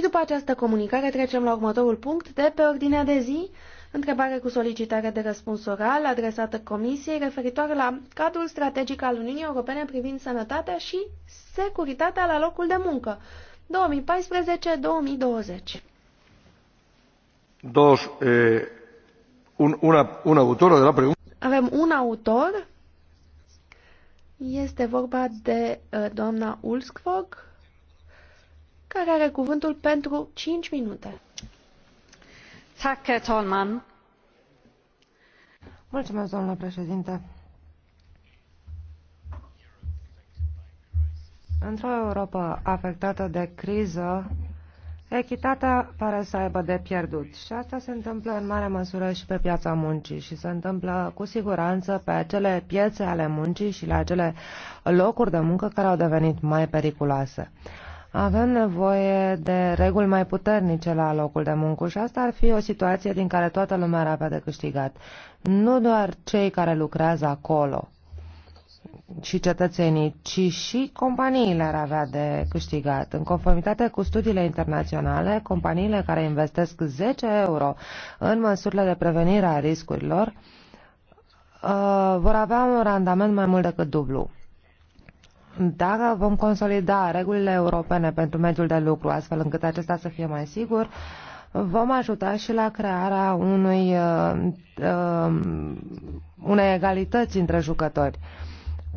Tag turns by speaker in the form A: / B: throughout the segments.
A: Și după această comunicare trecem la următorul punct de pe ordinea de zi, întrebare cu solicitare de răspuns oral adresată Comisiei referitoare la cadrul strategic al Uniunii Europene privind sănătatea și securitatea la locul de muncă 2014-2020.
B: Dos, eh, un, una, un autor de la pregunta.
A: Avem un autor. Este vorba de uh, doamna Ulskvog care are cuvântul pentru 5 minute.
C: Mulțumesc, domnule președinte. Într-o Europa afectată de criză, echitatea pare să aibă de pierdut și asta se întâmplă în mare măsură și pe piața muncii și se întâmplă cu siguranță pe acele piețe ale muncii și la acele locuri de muncă care au devenit mai periculoase. Avem nevoie de reguli mai puternice la locul de muncă și asta ar fi o situație din care toată lumea ar avea de câștigat. Nu doar cei care lucrează acolo și cetățenii, ci și companiile ar avea de câștigat. În conformitate cu studiile internaționale, companiile care investesc 10 euro în măsurile de prevenire a riscurilor uh, vor avea un randament mai mult decât dublu. Dacă vom consolida regulile europene pentru mediul de lucru, astfel încât acesta să fie mai sigur, vom ajuta și la crearea unui, uh, uh, unei egalități între jucători.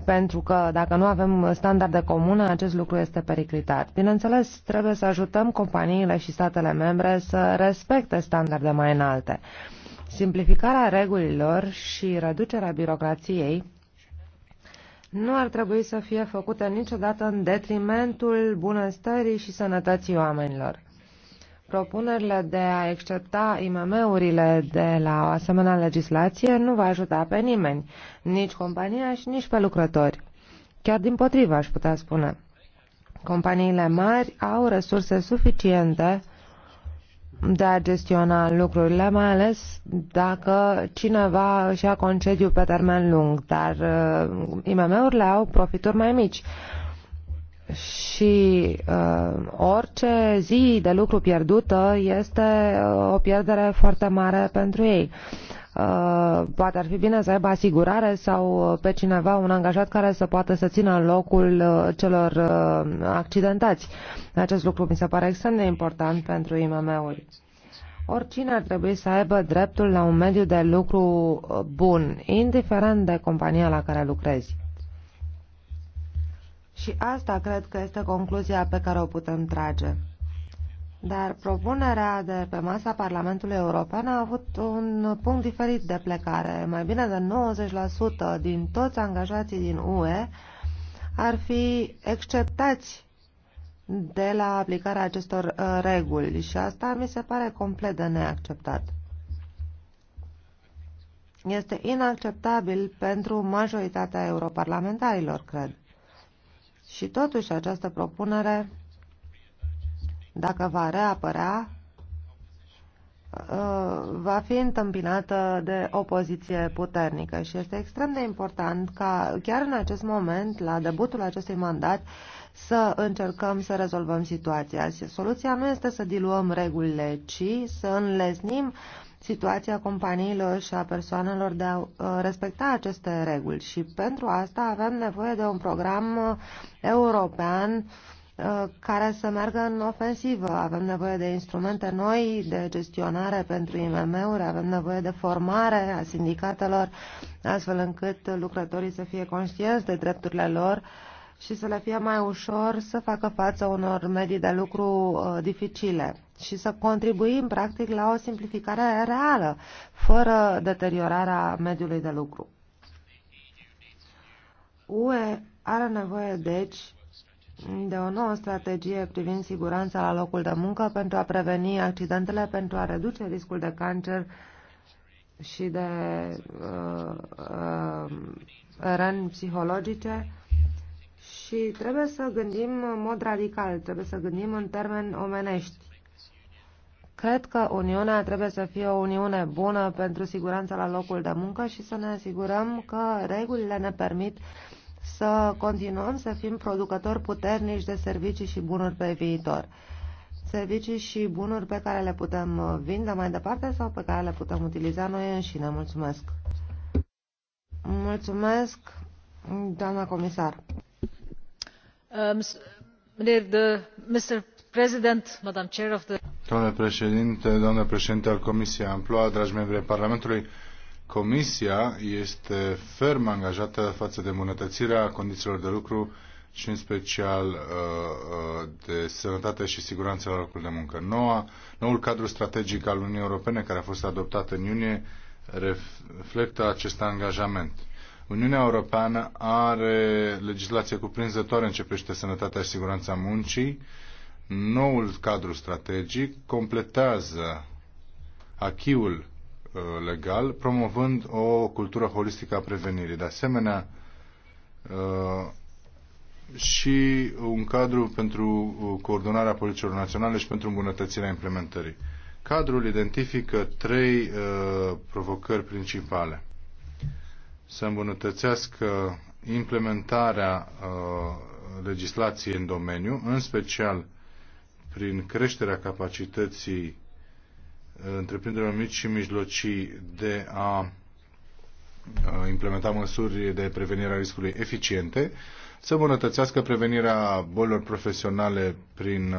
C: Pentru că dacă nu avem standarde comune, acest lucru este periclitat. Bineînțeles, trebuie să ajutăm companiile și statele membre să respecte standarde mai înalte. Simplificarea regulilor și reducerea birocrației nu ar trebui să fie făcute niciodată în detrimentul bunăstării și sănătății oamenilor. Propunerile de a excepta IMM-urile de la o asemenea legislație nu va ajuta pe nimeni, nici compania și nici pe lucrători. Chiar din potrivă, aș putea spune. Companiile mari au resurse suficiente de a gestiona lucrurile, mai ales dacă cineva își ia concediu pe termen lung, dar uh, IMM-urile au profituri mai mici și uh, orice zi de lucru pierdută este uh, o pierdere foarte mare pentru ei. Uh, poate ar fi bine să aibă asigurare sau uh, pe cineva, un angajat care să poată să țină locul uh, celor accidentați. Acest lucru mi se pare extrem de important pentru IMM-uri. Oricine ar trebui să aibă dreptul la un mediu de lucru bun, indiferent de compania la care lucrezi. Și asta cred că este concluzia pe care o putem trage. Dar propunerea de pe masa Parlamentului European a avut un punct diferit de plecare. Mai bine de 90% din toți angajații din UE ar fi exceptați de la aplicarea acestor uh, reguli și asta mi se pare complet de neacceptat. Este inacceptabil pentru majoritatea europarlamentarilor, cred. Și totuși această propunere dacă va reapărea, uh, va fi întâmpinată de opoziție puternică și este extrem de important ca chiar în acest moment, la debutul acestui mandat, să încercăm să rezolvăm situația. Soluția nu este să diluăm regulile, ci să înlesnim situația companiilor și a persoanelor de a uh, respecta aceste reguli. Și pentru asta avem nevoie de un program uh, european uh, Uh, care să meargă în ofensivă. Avem nevoie de instrumente noi de gestionare pentru IMM-uri, avem nevoie de formare a sindicatelor, astfel încât lucrătorii să fie conștienți de drepturile lor și să le fie mai ușor să facă față unor medii de lucru uh, dificile și să contribuim, practic, la o simplificare reală, fără deteriorarea mediului de lucru. UE are nevoie, deci, de o nouă strategie privind siguranța la locul de muncă pentru a preveni accidentele, pentru a reduce riscul de cancer și de uh, uh, răni psihologice și trebuie să gândim în mod radical, trebuie să gândim în termeni omenești. Cred că Uniunea trebuie să fie o Uniune bună pentru siguranța la locul de muncă și să ne asigurăm că regulile ne permit să continuăm să fim producători puternici de servicii și bunuri pe viitor. Servicii și bunuri pe care le putem vinde mai departe sau pe care le putem utiliza noi înșine. Mulțumesc! Mulțumesc, doamna comisar.
D: Mr. Um, President, Madam Chair of the...
B: Doamne președinte, doamnă președinte al Comisiei Amploa, dragi membri ai Parlamentului, Comisia este ferm angajată față de îmbunătățirea condițiilor de lucru și în special uh, uh, de sănătate și siguranță la locul de muncă. Noua, noul cadru strategic al Uniunii Europene care a fost adoptat în iunie reflectă acest angajament. Uniunea Europeană are legislație cuprinzătoare în ce privește sănătatea și siguranța muncii. Noul cadru strategic completează achiul Uh, legal, promovând o cultură holistică a prevenirii. De asemenea, uh, și un cadru pentru uh, coordonarea politicilor naționale și pentru îmbunătățirea implementării. Cadrul identifică trei provocări principale. Să îmbunătățească implementarea legislației în domeniu, în special prin creșterea capacității întreprinderilor mici și mijlocii de a implementa măsuri de prevenire a riscului eficiente, să îmbunătățească prevenirea bolilor profesionale prin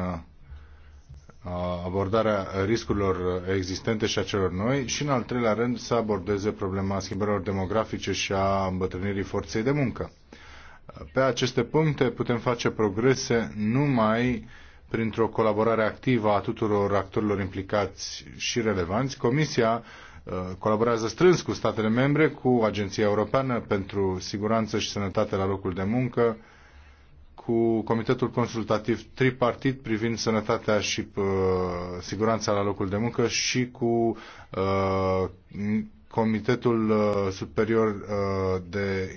B: abordarea riscurilor existente și a celor noi și, în al treilea rând, să abordeze problema schimbărilor demografice și a îmbătrânirii forței de muncă. Pe aceste puncte putem face progrese numai printr-o colaborare activă a tuturor actorilor implicați și relevanți. Comisia uh, colaborează strâns cu statele membre, cu Agenția Europeană pentru Siguranță și Sănătate la locul de muncă, cu Comitetul Consultativ Tripartit privind sănătatea și uh, siguranța la locul de muncă și cu uh, Comitetul uh, Superior uh, de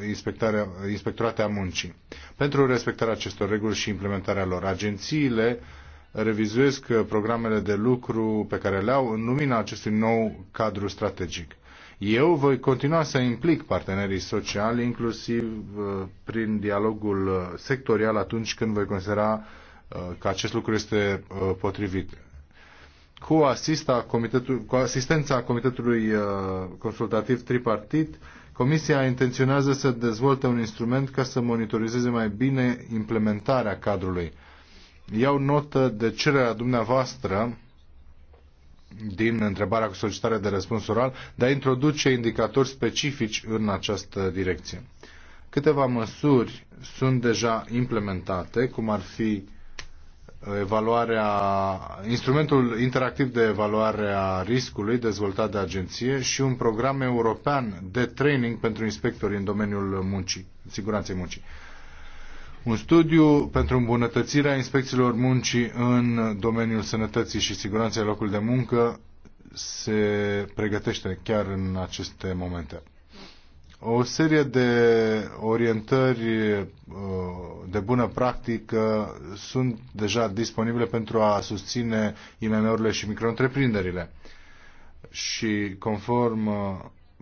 B: uh, Inspectorate a Muncii. Uh, pentru respectarea acestor reguli și implementarea lor. Agențiile revizuiesc programele de lucru pe care le au în lumina acestui nou cadru strategic. Eu voi continua să implic partenerii sociali, inclusiv uh, prin dialogul sectorial atunci când voi considera uh, că acest lucru este uh, potrivit. Cu, asista comitetul, cu asistența Comitetului Consultativ Tripartit, Comisia intenționează să dezvolte un instrument ca să monitorizeze mai bine implementarea cadrului. Iau notă de cererea dumneavoastră din întrebarea cu solicitare de răspuns oral de a introduce indicatori specifici în această direcție. Câteva măsuri sunt deja implementate, cum ar fi evaluarea, instrumentul interactiv de evaluare a riscului dezvoltat de agenție și un program european de training pentru inspectori în domeniul muncii, siguranței muncii. Un studiu pentru îmbunătățirea inspecțiilor muncii în domeniul sănătății și siguranței locului de muncă se pregătește chiar în aceste momente o serie de orientări uh, de bună practică sunt deja disponibile pentru a susține IMM-urile și micro-întreprinderile. Și conform uh,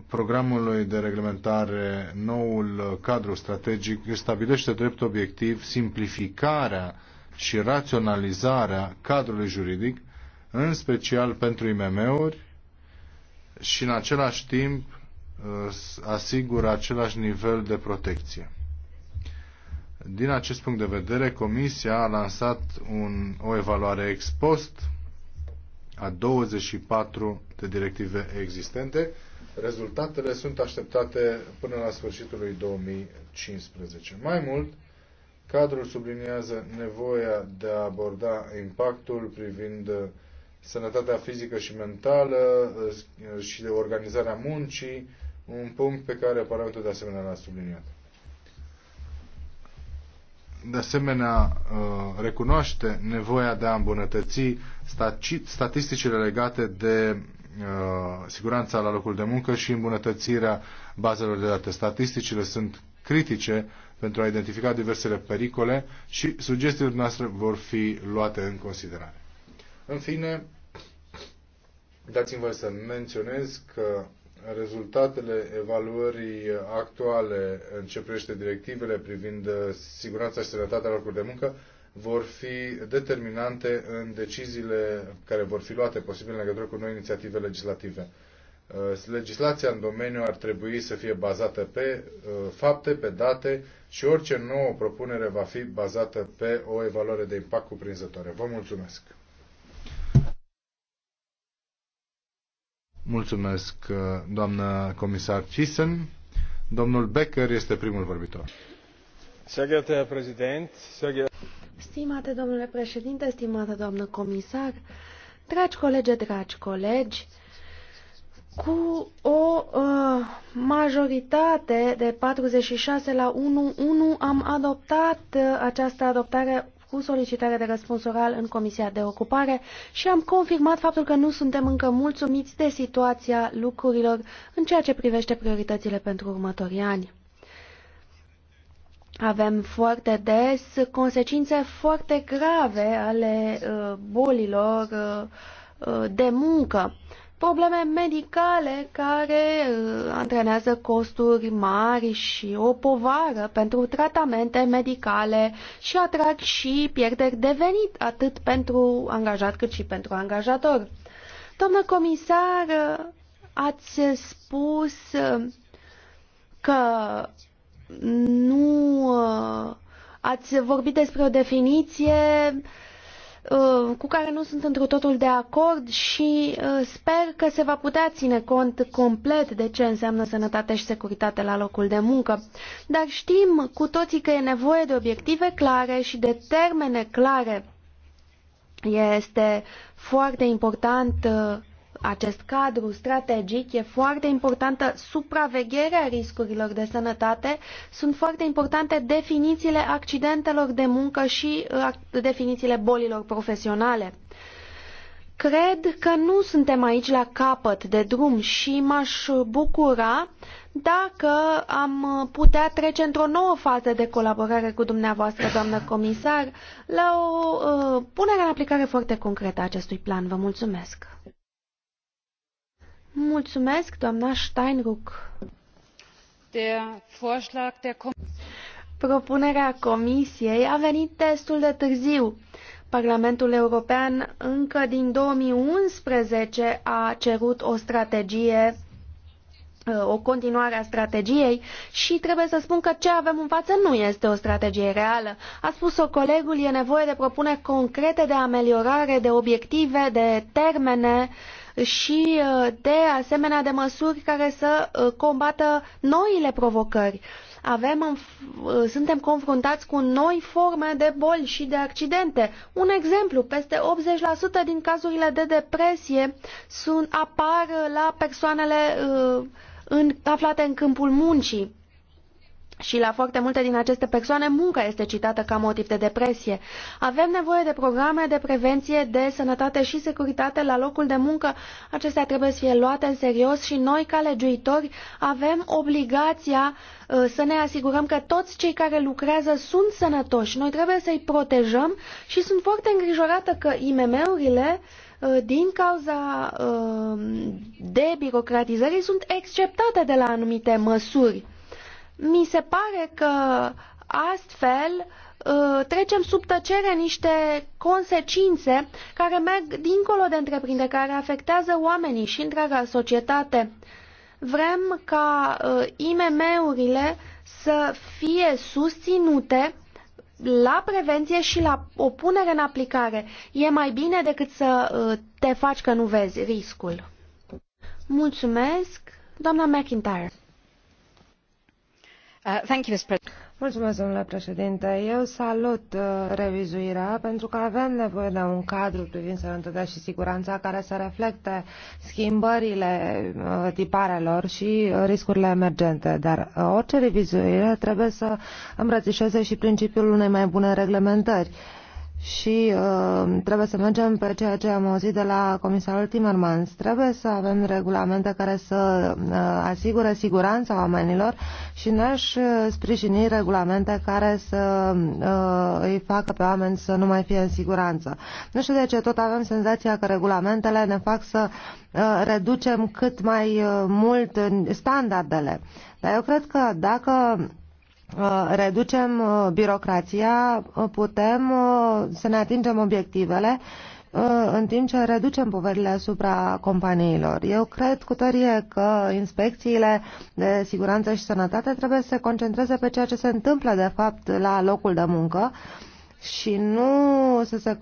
B: programului de reglementare, noul cadru strategic stabilește drept obiectiv simplificarea și raționalizarea cadrului juridic, în special pentru IMM-uri și în același timp Uh, asigură același nivel de protecție. Din acest punct de vedere, Comisia a lansat un, o evaluare ex post a 24 de directive existente. Rezultatele sunt așteptate până la sfârșitul lui 2015. Mai mult, cadrul subliniază nevoia de a aborda impactul privind sănătatea fizică și mentală uh, și de organizarea muncii, un punct pe care Parlamentul de asemenea l-a subliniat. De asemenea, uh, recunoaște nevoia de a îmbunătăți statisticile legate de uh, siguranța la locul de muncă și îmbunătățirea bazelor de date. Statisticile sunt critice pentru a identifica diversele pericole și sugestiile noastre vor fi luate în considerare. În fine, dați-mi voie să menționez că rezultatele evaluării actuale în ce privește directivele privind uh, siguranța și sănătatea locului de muncă vor fi determinante în deciziile care vor fi luate posibil în legătură cu noi inițiative legislative. Uh, legislația în domeniu ar trebui să fie bazată pe uh, fapte, pe date și orice nouă propunere va fi bazată pe o evaluare de impact cuprinzătoare. Vă mulțumesc! Mulțumesc, uh, doamnă comisar Thyssen. Domnul Becker este primul vorbitor.
A: Stimate domnule președinte, stimată doamnă comisar, dragi colegi, dragi colegi, cu o uh, majoritate de 46 la 1, 1 am adoptat uh, această adoptare cu solicitare de răspuns oral în Comisia de Ocupare și am confirmat faptul că nu suntem încă mulțumiți de situația lucrurilor în ceea ce privește prioritățile pentru următorii ani. Avem foarte des consecințe foarte grave ale uh, bolilor uh, uh, de muncă probleme medicale care uh, antrenează costuri mari și o povară pentru tratamente medicale și atrag și pierderi de venit atât pentru angajat cât și pentru angajator. Domnul comisar, uh, ați spus uh, că nu ați vorbit despre o definiție uh, Uh, cu care nu sunt întru totul de acord și uh, sper că se va putea ține cont complet de ce înseamnă sănătate și securitate la locul de muncă. Dar știm cu toții că e nevoie de obiective clare și de termene clare. Este foarte important uh, acest cadru strategic e foarte importantă supravegherea riscurilor de sănătate, sunt foarte importante definițiile accidentelor de muncă și uh, definițiile bolilor profesionale. Cred că nu suntem aici la capăt de drum și m-aș bucura dacă am putea trece într-o nouă fază de colaborare cu dumneavoastră, doamnă comisar, la o uh, punere în aplicare foarte concretă a acestui plan. Vă mulțumesc! Mulțumesc, doamna Steinruck. Propunerea Comisiei a venit destul de târziu. Parlamentul European încă din 2011 a cerut o strategie o continuare a strategiei și trebuie să spun că ce avem în față nu este o strategie reală. A spus-o colegul, e nevoie de propuneri concrete de ameliorare, de obiective, de termene uh, și uh, de asemenea de măsuri care să uh, combată noile provocări. Avem, uh, suntem confruntați cu noi forme de boli și de accidente. Un exemplu, peste 80% din cazurile de depresie sunt, apar la persoanele în, aflate în câmpul muncii. Și la foarte multe din aceste persoane, munca este citată ca motiv de depresie. Avem nevoie de programe de prevenție, de sănătate și securitate la locul de muncă. Acestea trebuie să fie luate în serios și noi, ca legiuitori, avem obligația uh, să ne asigurăm că toți cei care lucrează sunt sănătoși. Noi trebuie să-i protejăm și sunt foarte îngrijorată că IMM-urile uh, din cauza uh, debirocratizării sunt exceptate de la anumite măsuri mi se pare că astfel uh, trecem sub tăcere niște consecințe care merg dincolo de întreprindere, care afectează oamenii și întreaga societate. Vrem ca uh, IMM-urile să fie susținute la prevenție și la o punere în aplicare. E mai bine decât să uh, te faci că nu vezi riscul. Mulțumesc, doamna McIntyre. Uh, Mulțumesc, domnule
C: președinte. Eu salut uh, revizuirea pentru că avem nevoie de un cadru privind sănătatea și siguranța care să reflecte schimbările uh, tiparelor și riscurile emergente. Dar orice revizuire trebuie să îmbrățișeze și principiul unei mai bune reglementări și uh, trebuie să mergem pe ceea ce am auzit de la comisarul Timmermans. Trebuie să avem regulamente care să uh, asigure siguranța oamenilor și n-aș uh, sprijini regulamente care să uh, îi facă pe oameni să nu mai fie în siguranță. Nu știu de ce tot avem senzația că regulamentele ne fac să uh, reducem cât mai uh, mult standardele. Dar eu cred că dacă Uh, reducem uh, birocrația, uh, putem să ne atingem obiectivele în timp ce reducem poverile asupra companiilor. Eu cred cu tărie că inspecțiile de siguranță și sănătate trebuie să se concentreze pe ceea ce se întâmplă de fapt la locul de muncă și nu să se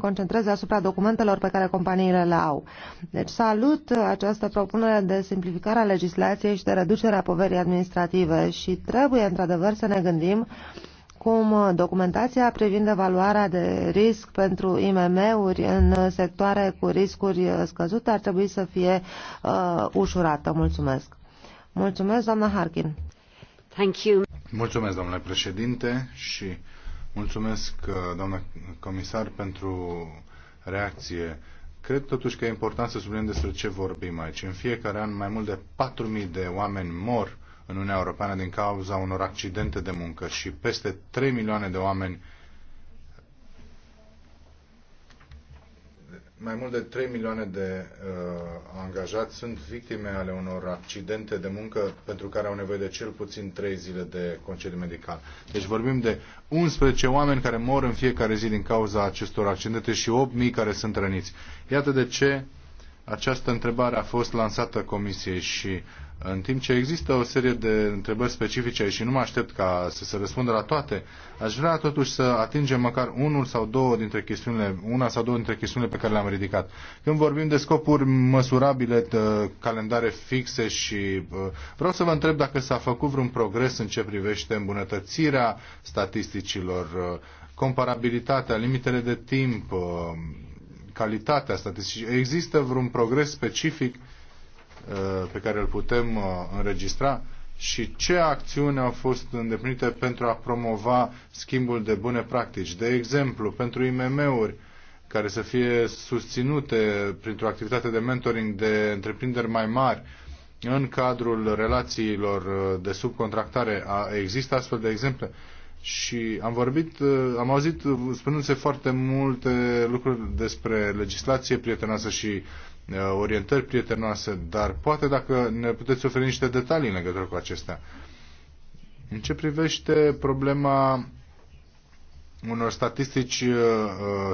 C: concentreze asupra documentelor pe care companiile le au. Deci salut această propunere de simplificare a legislației și de reducerea poverii administrative și trebuie într-adevăr să ne gândim cum documentația privind evaluarea de risc pentru IMM-uri în sectoare cu riscuri scăzute ar trebui să fie uh, ușurată. Mulțumesc. Mulțumesc, doamna Harkin. Thank you.
B: Mulțumesc, domnule președinte, și Mulțumesc, uh, doamna comisar, pentru reacție. Cred totuși că e important să subliniem despre ce vorbim aici. În fiecare an mai mult de 4.000 de oameni mor în Uniunea Europeană din cauza unor accidente de muncă și peste 3 milioane de oameni mai mult de 3 milioane de uh, angajați sunt victime ale unor accidente de muncă pentru care au nevoie de cel puțin 3 zile de concediu medical. Deci vorbim de 11 oameni care mor în fiecare zi din cauza acestor accidente și 8.000 care sunt răniți. Iată de ce această întrebare a fost lansată Comisiei și în timp ce există o serie de întrebări specifice și nu mă aștept ca să se răspundă la toate, aș vrea totuși să atingem măcar unul sau două dintre chestiunile, una sau două dintre chestiunile pe care le-am ridicat. Când vorbim de scopuri măsurabile, de uh, calendare fixe și uh, vreau să vă întreb dacă s-a făcut vreun progres în ce privește îmbunătățirea statisticilor, uh, comparabilitatea, limitele de timp, calitatea statisticilor. Există vreun progres specific Uh, pe care îl putem uh, înregistra și ce acțiuni au fost îndeplinite pentru a promova schimbul de bune practici. De exemplu, pentru IMM-uri care să fie susținute printr-o activitate de mentoring de întreprinderi mai mari în cadrul relațiilor uh, de subcontractare. Există astfel de exemple? și am vorbit, uh, am auzit uh, spunându-se foarte multe lucruri despre legislație prietenoasă și uh, orientări prietenoase, dar poate dacă ne puteți oferi niște detalii în legătură cu acestea. În ce privește problema unor statistici uh,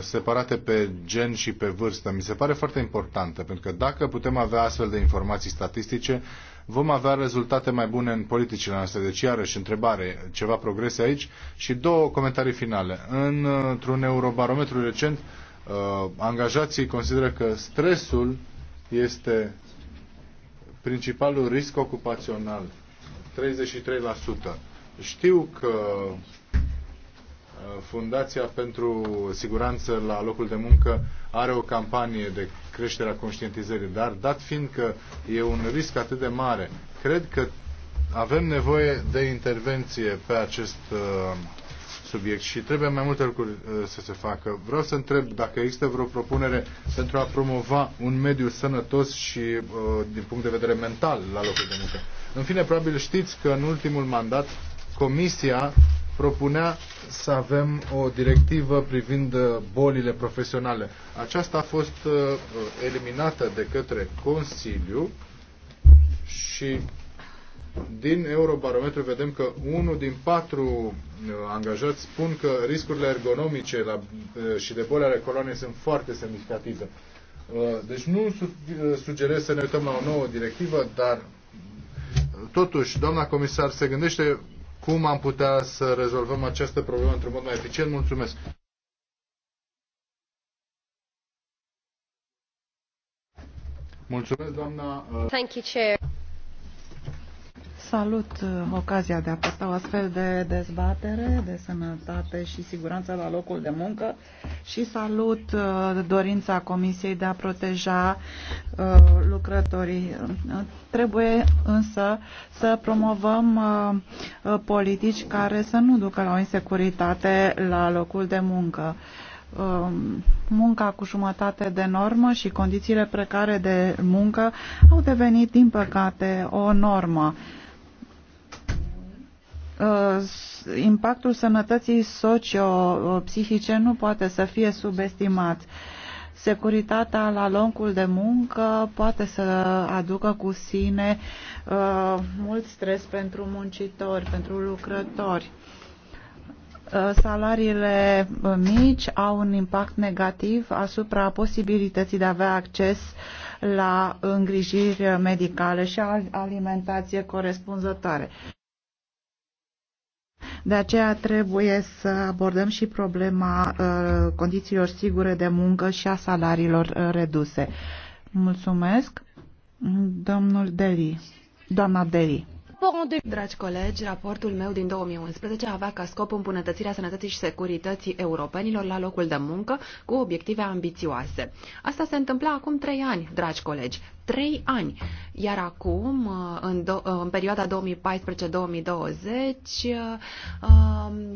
B: separate pe gen și pe vârstă, mi se pare foarte importantă, pentru că dacă putem avea astfel de informații statistice, vom avea rezultate mai bune în politicile noastre. Deci, iarăși, întrebare, ceva progrese aici și două comentarii finale. Într-un eurobarometru recent, uh, angajații consideră că stresul este principalul risc ocupațional. 33%. Știu că uh, Fundația pentru Siguranță la locul de muncă are o campanie de creșterea conștientizării. Dar dat fiind că e un risc atât de mare, cred că avem nevoie de intervenție pe acest uh, subiect și trebuie mai multe lucruri uh, să se facă. Vreau să întreb dacă există vreo propunere pentru a promova un mediu sănătos și uh, din punct de vedere mental la locul de muncă. În fine, probabil știți că în ultimul mandat Comisia propunea să avem o directivă privind uh, bolile profesionale. Aceasta a fost uh, uh, eliminată de către Consiliu și din Eurobarometru vedem că unul din patru angajați spun că riscurile ergonomice la, și de boli ale coloanei sunt foarte semnificative. Deci nu sugerez să ne uităm la o nouă directivă, dar totuși, doamna comisar se gândește cum am putea să rezolvăm această problemă într-un mod mai eficient. Mulțumesc! Mulțumesc, doamna... Uh, Thank
E: you, Chair. Salut uh, ocazia de a purta o astfel de dezbatere de sănătate și siguranță la locul de muncă și salut uh, dorința Comisiei de a proteja uh, lucrătorii. Trebuie însă să promovăm politici care să nu ducă la o insecuritate la locul de muncă um, munca cu jumătate de normă și condițiile precare de muncă au devenit, din păcate, o normă. Uh, impactul sănătății socio-psihice nu poate să fie subestimat. Securitatea la locul de muncă poate să aducă cu sine uh, mult stres pentru muncitori, pentru lucrători. Uh, salariile mici au un impact negativ asupra posibilității de a avea acces la îngrijiri medicale și alimentație corespunzătoare. De aceea trebuie să abordăm și problema uh, condițiilor sigure de muncă și a salariilor uh, reduse. Mulțumesc. Domnul Deli. Doamna Deli.
F: Dragi colegi, raportul meu din 2011 avea ca scop îmbunătățirea sănătății și securității europenilor la locul de muncă cu obiective ambițioase. Asta se întâmpla acum trei ani, dragi colegi trei ani. Iar acum, uh, în, do- uh, în perioada 2014-2020, uh, um,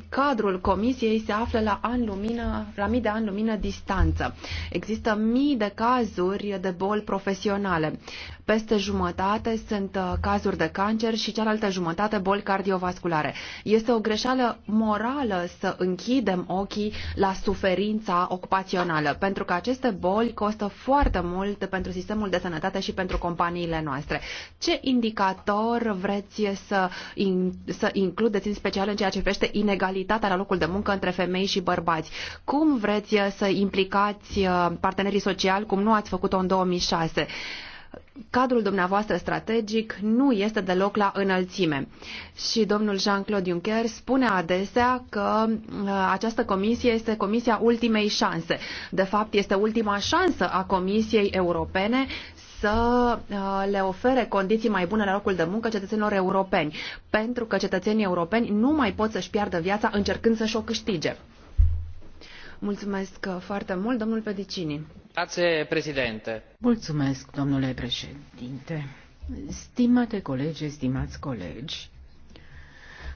F: cadrul comisiei se află la, an lumină, la mii de ani lumină distanță. Există mii de cazuri de boli profesionale. Peste jumătate sunt cazuri de cancer și cealaltă jumătate boli cardiovasculare. Este o greșeală morală să închidem ochii la suferința ocupațională, pentru că aceste boli costă foarte mult pentru sistemul de sănătate și pentru companiile noastre. Ce indicator vreți să, in, să includeți în special în ceea ce privește inegalitatea la locul de muncă între femei și bărbați? Cum vreți să implicați uh, partenerii sociali cum nu ați făcut-o în 2006? cadrul dumneavoastră strategic nu este deloc la înălțime. Și domnul Jean-Claude Juncker spune adesea că uh, această comisie este comisia ultimei șanse. De fapt, este ultima șansă a Comisiei Europene să uh, le ofere condiții mai bune la locul de muncă cetățenilor europeni, pentru că cetățenii europeni nu mai pot să-și piardă viața încercând să-și o câștige. Mulțumesc uh, foarte mult, domnul Pedicini.
D: Grazie, președinte. Mulțumesc, domnule președinte. Stimate colegi, stimați colegi,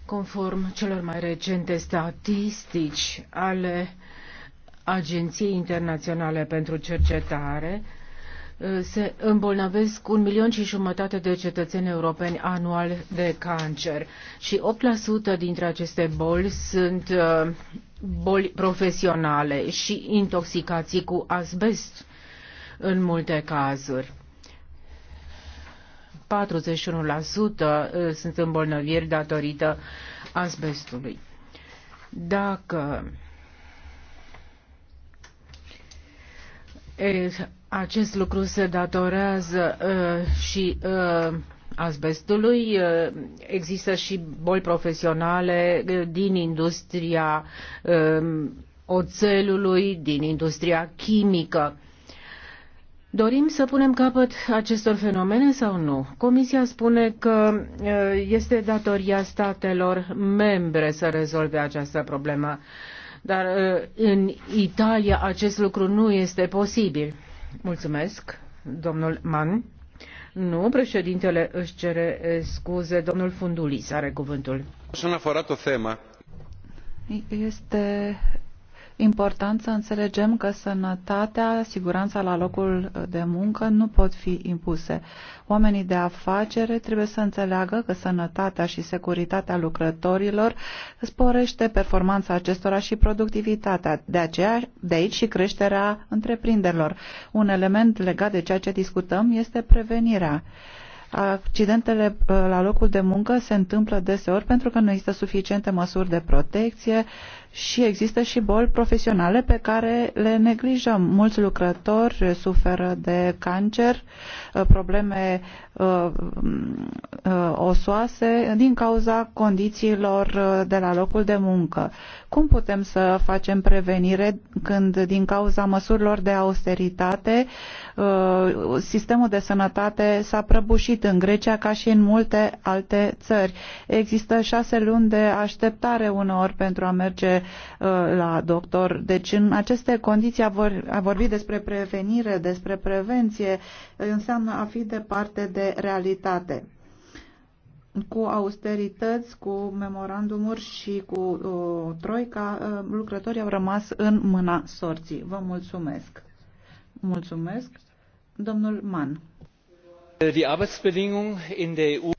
D: conform celor mai recente statistici ale Agenției Internaționale pentru Cercetare, Uh, se îmbolnăvesc un milion și jumătate de cetățeni europeni anual de cancer și 8% dintre aceste boli sunt uh, boli profesionale și intoxicații cu asbest în multe cazuri. 41% uh, sunt îmbolnăviri datorită asbestului. Dacă eh, acest lucru se datorează uh, și uh, asbestului. Uh, există și boli profesionale uh, din industria uh, oțelului, din industria chimică. Dorim să punem capăt acestor fenomene sau nu? Comisia spune că uh, este datoria statelor membre să rezolve această problemă, dar uh, în Italia acest lucru nu este posibil. Mulțumesc, domnul Mann. Nu, președintele își cere eh, scuze. Domnul Fundulis are cuvântul.
E: Este important să înțelegem că sănătatea, siguranța la locul de muncă nu pot fi impuse. Oamenii de afacere trebuie să înțeleagă că sănătatea și securitatea lucrătorilor sporește performanța acestora și productivitatea. De, aceea, de aici și creșterea întreprinderilor. Un element legat de ceea ce discutăm este prevenirea. Accidentele uh, la locul de muncă se întâmplă deseori pentru că nu există suficiente măsuri de protecție, și există și boli profesionale pe care le neglijăm. Mulți lucrători suferă de cancer, Uh, probleme uh, uh, osoase din cauza condițiilor de la locul de muncă. Cum putem să facem prevenire când din cauza măsurilor de austeritate sistemul de sănătate s-a prăbușit în Grecia ca și în multe alte țări. Există șase luni de așteptare uneori pentru a merge la doctor. Deci în aceste condiții a vorbi despre prevenire, despre prevenție, înseamnă înseamnă a fi departe de realitate cu austerități, cu memorandumuri și cu uh, troica, uh, lucrătorii au rămas în mâna sorții. Vă mulțumesc.
D: Mulțumesc. Domnul Mann.
B: Die Arbeitsbedingungen in der
D: EU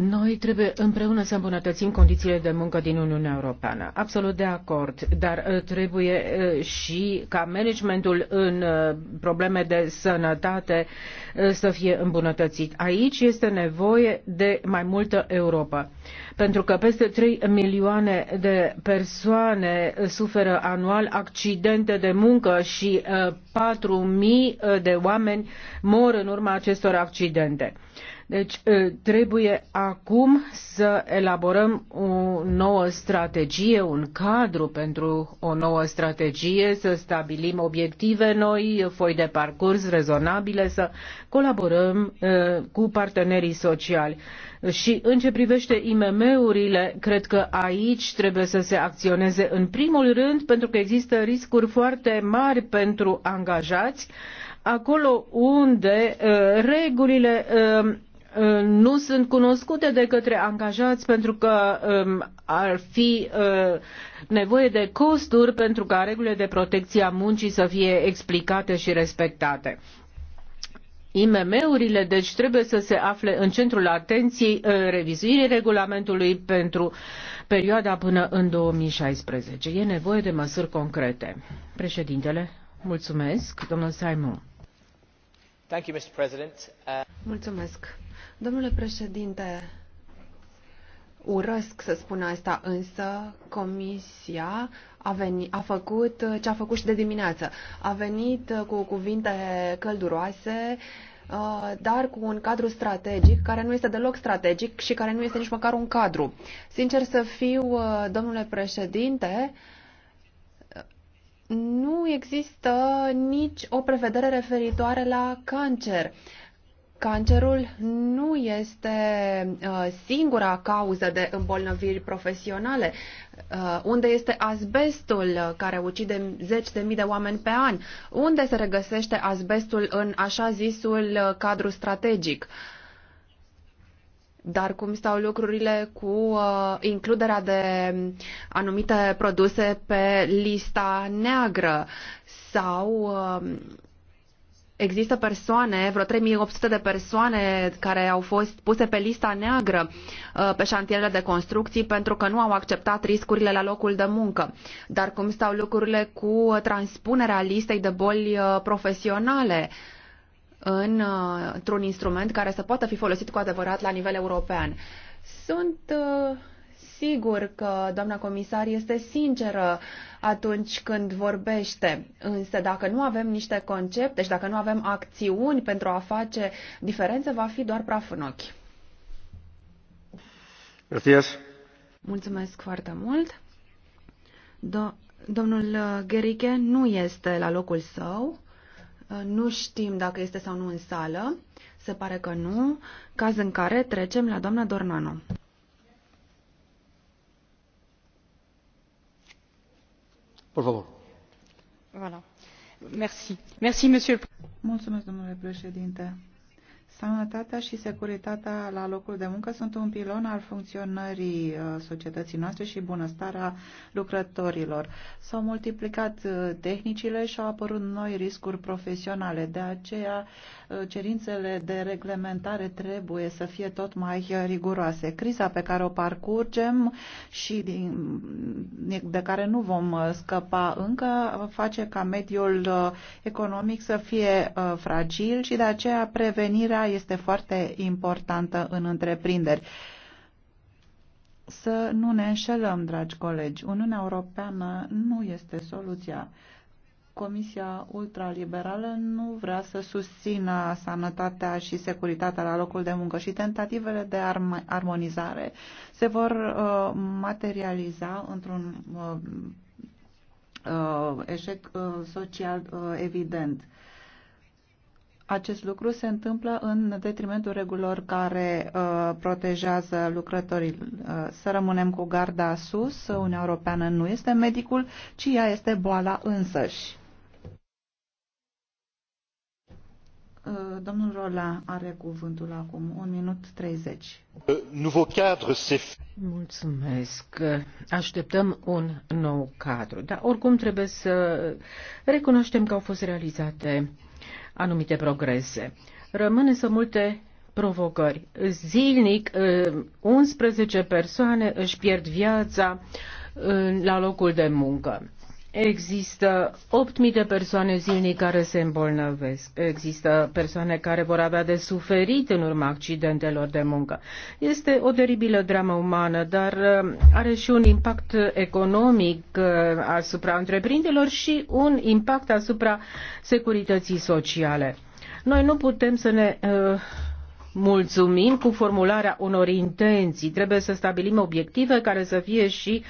D: noi trebuie împreună să îmbunătățim condițiile de muncă din Uniunea Europeană. Absolut de acord, dar uh, trebuie uh, și ca managementul în uh, probleme de sănătate să fie îmbunătățit. Aici este nevoie de mai multă Europa, pentru că peste 3 milioane de persoane suferă anual accidente de muncă și 4.000 de oameni mor în urma acestor accidente. Deci ă, trebuie acum să elaborăm o nouă strategie, un cadru pentru o nouă strategie, să stabilim obiective noi, foi de parcurs rezonabile, să colaborăm ă, cu partenerii sociali. Și în ce privește IMM-urile, cred că aici trebuie să se acționeze în primul rând pentru că există riscuri foarte mari pentru angajați acolo unde ă, regulile Uh, nu sunt cunoscute de către angajați pentru că um, ar fi uh, nevoie de costuri pentru ca regulile de protecție a muncii să fie explicate și respectate. IMM-urile, deci, trebuie să se afle în centrul atenției uh, revizuirii regulamentului pentru perioada până în 2016. E nevoie de măsuri concrete. Președintele, mulțumesc, domnul Simon.
B: Uh,
F: Mulțumesc. Domnule președinte, urăsc să spun asta, însă Comisia a, făcut uh, ce a făcut și de dimineață. A venit uh, cu cuvinte călduroase, dar cu un cadru strategic care nu este deloc strategic și care nu este nici măcar un cadru. Sincer să fiu, domnule președinte, nu există nici o prevedere referitoare la cancer. Cancerul nu este uh, singura cauză de îmbolnăviri profesionale. Uh, unde este azbestul care ucide zeci de mii de oameni pe an? Unde se regăsește azbestul în așa zisul cadru strategic? Uh, dar cum stau lucrurile cu uh, includerea de anumite produse pe lista neagră sau um, există persoane, vreo 3800 de persoane care au fost puse pe lista neagră uh, pe șantierele de construcții pentru că nu au acceptat riscurile la locul de muncă. Dar cum stau lucrurile cu transpunerea listei de boli uh, profesionale? în, uh, într-un instrument care să poată fi folosit cu adevărat la nivel european. Sunt uh, sigur că doamna comisar este sinceră atunci când vorbește, însă dacă nu avem niște concepte și dacă nu avem acțiuni pentru a face diferență, va fi doar praf în ochi. Gracias. Mulțumesc foarte mult. Do- domnul uh, Gerike nu este la locul său. Uh, nu știm dacă este sau nu în sală. Se pare că nu. Caz în care trecem la doamna Dornano. Por favor.
E: Voilà. Merci. Merci, monsieur. Mulțumesc, domnule președinte Sănătatea și securitatea la locul de muncă sunt un pilon al funcționării uh, societății noastre și bunăstarea lucrătorilor. S-au multiplicat uh, tehnicile și au apărut noi riscuri profesionale. De aceea, uh, cerințele de reglementare trebuie să fie tot mai riguroase. Criza pe care o parcurgem și de care nu vom scăpa încă face ca mediul economic să fie fragil și de aceea prevenirea este foarte importantă în întreprinderi. Să nu ne înșelăm, dragi colegi, Uniunea Europeană nu este soluția. Comisia ultraliberală nu vrea să susțină sănătatea și securitatea la locul de muncă și tentativele de armonizare se vor uh, materializa într-un uh, uh, eșec uh, social uh, evident. Uh, acest lucru se întâmplă în detrimentul regulilor care uh, protejează lucrătorii. Uh, să rămânem cu garda sus, Uniunea Europeană nu este medicul, ci ea este boala însăși. Uh, domnul Rola are cuvântul acum, un minut
D: 30. Nouveau cadre, Mulțumesc. Așteptăm un nou cadru, dar oricum trebuie să recunoaștem că au fost realizate anumite progrese. Rămân însă multe provocări. Zilnic, 11 ă, persoane își pierd viața ă, la locul de muncă. Există 8.000 de persoane zilnic care se îmbolnăvesc. Există persoane care vor avea de suferit în urma accidentelor de muncă. Este o teribilă dramă umană, dar uh, are și un impact economic uh, asupra întreprinderilor și un impact asupra securității sociale. Noi nu putem să ne uh, mulțumim cu formularea unor intenții. Trebuie să stabilim obiective care să fie și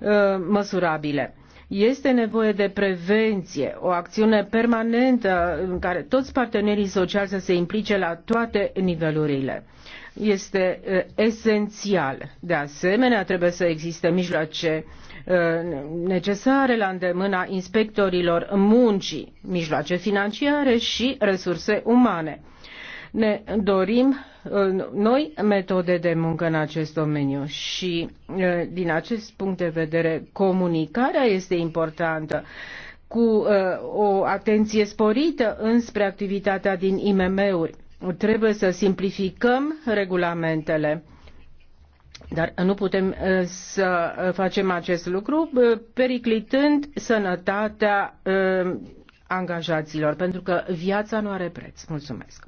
D: uh, măsurabile este nevoie de prevenție, o acțiune permanentă în care toți partenerii sociali să se implice la toate nivelurile. Este eh, esențial. De asemenea, trebuie să existe mijloace eh, necesare la îndemâna inspectorilor muncii, mijloace financiare și resurse umane. Ne dorim noi metode de muncă în acest domeniu și din acest punct de vedere comunicarea este importantă cu o atenție sporită înspre activitatea din IMM-uri. Trebuie să simplificăm regulamentele. Dar nu putem să facem acest lucru periclitând sănătatea angajaților, pentru că viața nu are preț. Mulțumesc.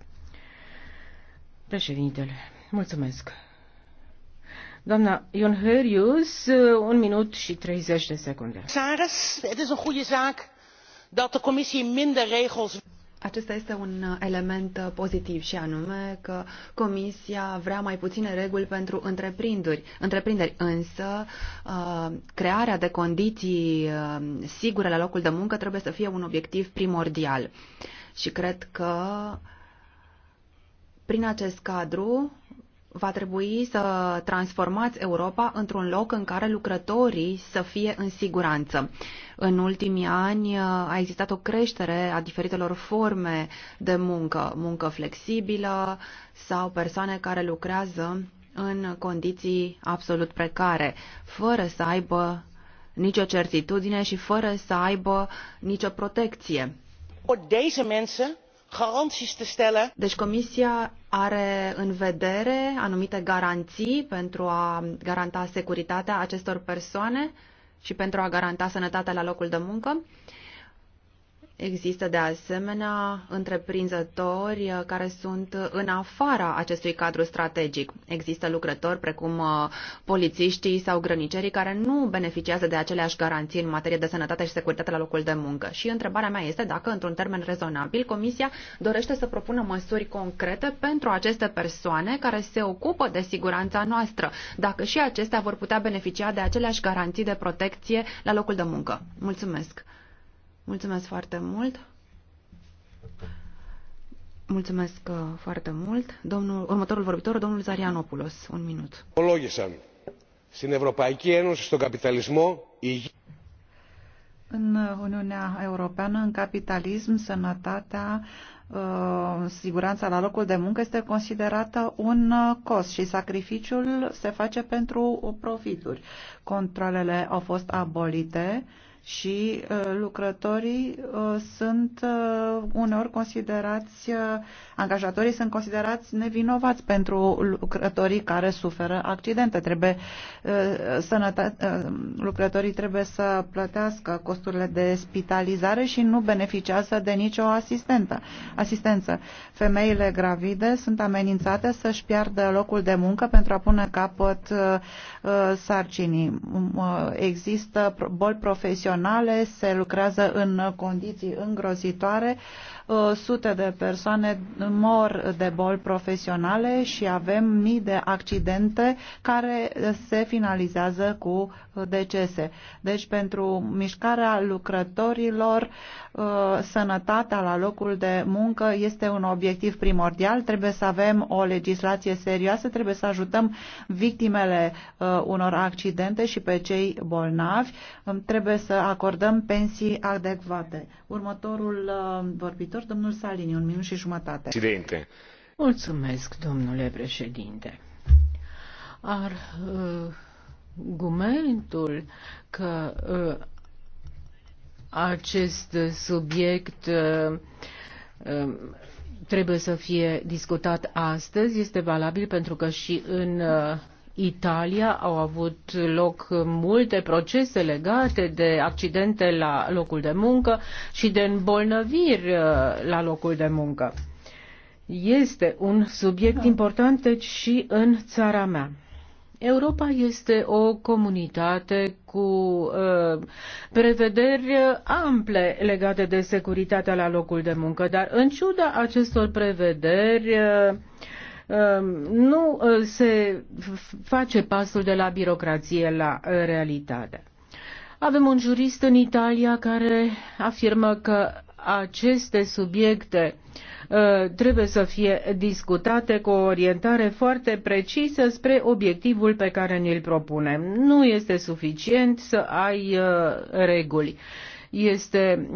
D: Președintele, mulțumesc. Doamna Ion Herius, un minut și 30 de secunde. Saris, het is een goede zaak dat de commissie minder
F: regels acesta este un element pozitiv și anume că Comisia vrea mai puține reguli pentru întreprinderi, întreprinderi însă uh, crearea de condiții uh, sigure la locul de muncă trebuie să fie un obiectiv primordial. Și cred că prin acest cadru va trebui să transformați Europa într-un loc în care lucrătorii să fie în siguranță. În ultimii ani uh, a existat o creștere a diferitelor forme de muncă, muncă flexibilă sau persoane care lucrează în condiții absolut precare, fără să aibă nicio certitudine și fără să aibă nicio protecție. Deze mensen garanties te stellen. Deci Comisia are în vedere anumite garanții pentru a garanta securitatea acestor persoane și pentru a garanta sănătatea la locul de muncă. Există de asemenea întreprinzători uh, care sunt în afara acestui cadru strategic. Există lucrători precum uh, polițiștii sau grănicerii care nu beneficiază de aceleași garanții în materie de sănătate și securitate la locul de muncă. Și întrebarea mea este dacă, într-un termen rezonabil, Comisia dorește să propună măsuri concrete pentru aceste persoane care se ocupă de siguranța noastră, dacă și acestea vor putea beneficia de aceleași garanții de protecție la locul de muncă. Mulțumesc! Mulțumesc foarte mult. Mulțumesc uh, foarte mult. Domnul, următorul vorbitor, domnul
E: Zarianopoulos. Un minut.
B: Ολόγησαν στην Ευρωπαϊκή Ένωση, στον καπιταλισμό,
D: η...
E: În Uniunea Europeană, în capitalism, sănătatea, uh, siguranța la locul de muncă este considerată un uh, cost și sacrificiul se face pentru profituri. Controlele au fost abolite și uh, lucrătorii uh, sunt uh, uneori considerați, angajatorii sunt considerați nevinovați pentru lucrătorii care suferă accidente. Trebuie sănătate, lucrătorii trebuie să plătească costurile de spitalizare și nu beneficiază de nicio asistentă, asistență. Femeile gravide sunt amenințate să-și piardă locul de muncă pentru a pune capăt sarcinii. Există boli profesionale naționale se lucrează în condiții îngrozitoare Uh, sute de persoane mor de boli profesionale și avem mii de accidente care se finalizează cu uh, decese. Deci pentru mișcarea lucrătorilor, uh, sănătatea la locul de muncă este un obiectiv primordial. Trebuie să avem o legislație serioasă, trebuie să ajutăm victimele unor accidente și pe cei bolnavi. Um, trebuie să acordăm pensii adecvate. Următorul vorbitor
D: raportor, domnul Salini, un minut și jumătate. Presidente. Mulțumesc, domnule președinte. Ar uh, argumentul că uh, acest subiect uh, um, trebuie să fie discutat astăzi este valabil pentru că și în Italia au avut loc multe procese legate de accidente la locul de muncă și de îmbolnăviri uh, la locul de muncă. Este un subiect da. important deci, și în țara mea. Europa este o comunitate cu uh, prevederi ample legate de securitatea la locul de muncă, dar în ciuda acestor prevederi, uh, Um, nu uh, se face pasul de la birocrație la uh, realitate. Avem un jurist în Italia care afirmă că aceste subiecte uh, trebuie să fie discutate cu o orientare foarte precisă spre obiectivul pe care ne-l propunem. Nu este suficient să ai reguli. Este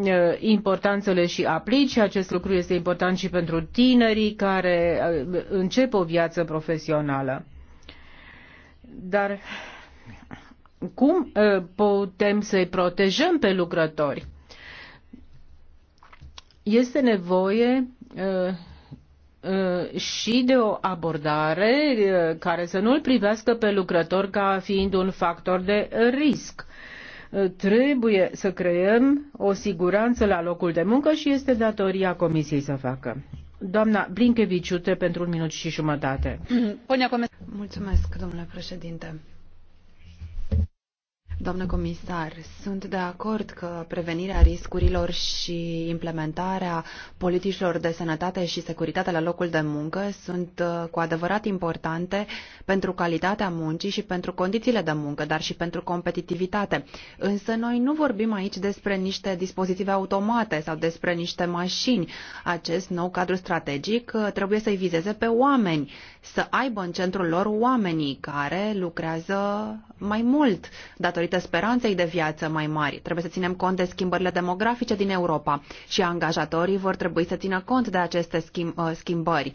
D: important să le și aplici și acest lucru este important și pentru tinerii care încep o viață profesională. Dar cum putem să-i protejăm pe lucrători? Este nevoie și de o abordare care să nu l privească pe lucrător ca fiind un factor de risc. Trebuie să creăm o siguranță la locul de muncă și este datoria Comisiei să facă. Doamna Blinkeviciute pentru un minut și jumătate.
F: Mulțumesc, domnule președinte.
D: Doamnă comisar,
F: sunt de acord că prevenirea riscurilor și implementarea politicilor de sănătate și securitate la locul de muncă sunt uh, cu adevărat importante pentru calitatea muncii și pentru condițiile de muncă, dar și pentru competitivitate. Însă noi nu vorbim aici despre niște dispozitive automate sau despre niște mașini. Acest nou cadru strategic uh, trebuie să-i vizeze pe oameni să aibă în centrul lor oamenii care lucrează mai mult datorită speranței de viață mai mari. Trebuie să ținem cont de schimbările demografice din Europa și angajatorii vor trebui să țină cont de aceste uh, schimbări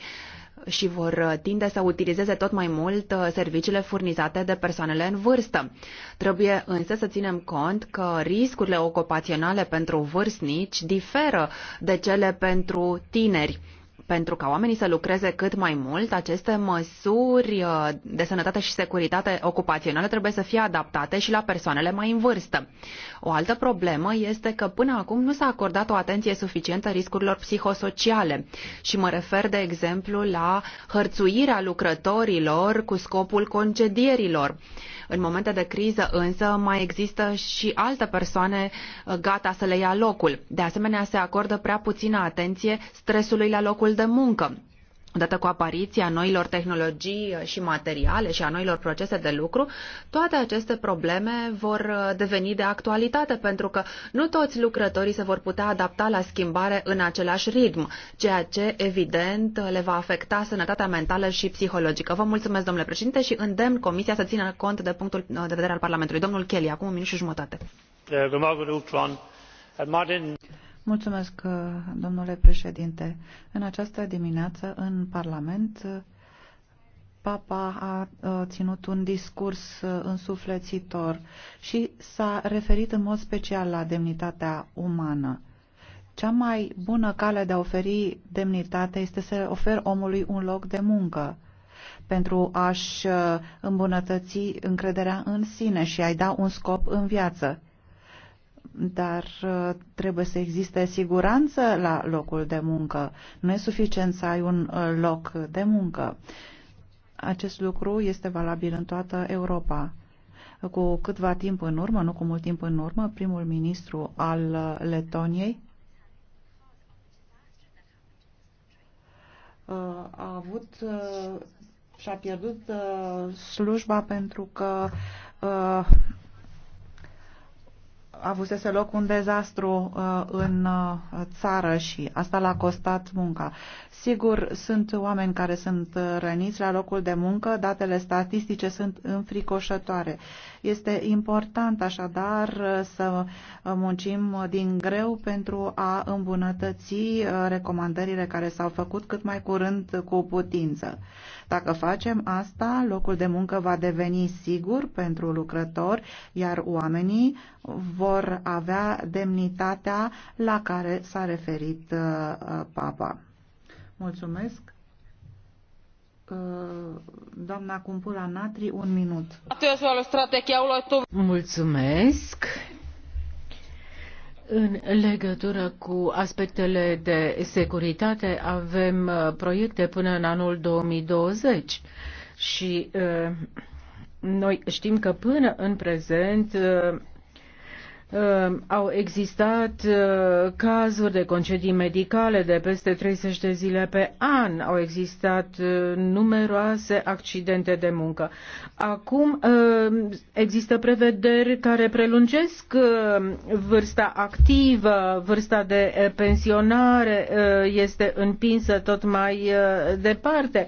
F: și vor uh, tinde să utilizeze tot mai mult uh, serviciile furnizate de persoanele în vârstă. Trebuie însă să ținem cont că riscurile ocupaționale pentru vârstnici diferă de cele pentru tineri pentru ca oamenii să lucreze cât mai mult, aceste măsuri uh, de sănătate și securitate ocupațională trebuie să fie adaptate și la persoanele mai în vârstă. O altă problemă este că până acum nu s-a acordat o atenție suficientă riscurilor psihosociale și mă refer, de exemplu, la hărțuirea lucrătorilor cu scopul concedierilor în momente de criză însă mai există și alte persoane uh, gata să le ia locul. De asemenea, se acordă prea puțină atenție stresului la locul de muncă odată cu apariția noilor tehnologii și materiale și a noilor procese de lucru, toate aceste probleme vor deveni de actualitate, pentru că nu toți lucrătorii se vor putea adapta la schimbare în același ritm, ceea ce, evident, le va afecta sănătatea mentală și psihologică. Vă mulțumesc, domnule președinte, și îndemn Comisia să țină cont de punctul de vedere al Parlamentului. Domnul Kelly, acum un minut și jumătate.
B: Eh,
E: Mulțumesc, uh, domnule președinte. În această dimineață, în Parlament, uh, Papa a uh, ținut un discurs însuflețitor și s-a referit în mod special la demnitatea umană. Cea mai bună cale de a oferi demnitate este să ofer omului un loc de muncă pentru a-și îmbunătăți încrederea în sine și a-i da un scop în viață dar uh, trebuie să existe siguranță la locul de muncă. Nu e suficient să ai un uh, loc de muncă. Acest lucru este valabil în toată Europa. Cu câtva timp în urmă, nu cu mult timp în urmă, primul ministru al uh, Letoniei a avut și-a pierdut slujba pentru că avusese loc un dezastru uh, în uh, țară și asta l-a costat munca. Sigur, sunt oameni care sunt uh, răniți la locul de muncă, datele statistice sunt înfricoșătoare. Uh, este important așadar să muncim din greu pentru a îmbunătăți uh, recomandările care s-au făcut cât mai curând cu putință. Dacă facem asta, locul de muncă va deveni sigur pentru lucrători, iar oamenii vor avea demnitatea la care s-a referit uh,
D: uh, Papa.
E: Mulțumesc! Uh, doamna Cumpula Natri, un minut.
D: Mulțumesc. În legătură cu aspectele de securitate, avem uh, proiecte până în anul 2020 și uh, noi știm că până în prezent Ehm, au existat ehm, cazuri de concedii medicale de peste 30 de zile pe an, au existat ehm, numeroase accidente de muncă. Acum există prevederi care prelungesc vârsta activă, vârsta de eh, pensionare eh, este împinsă tot mai eh, departe.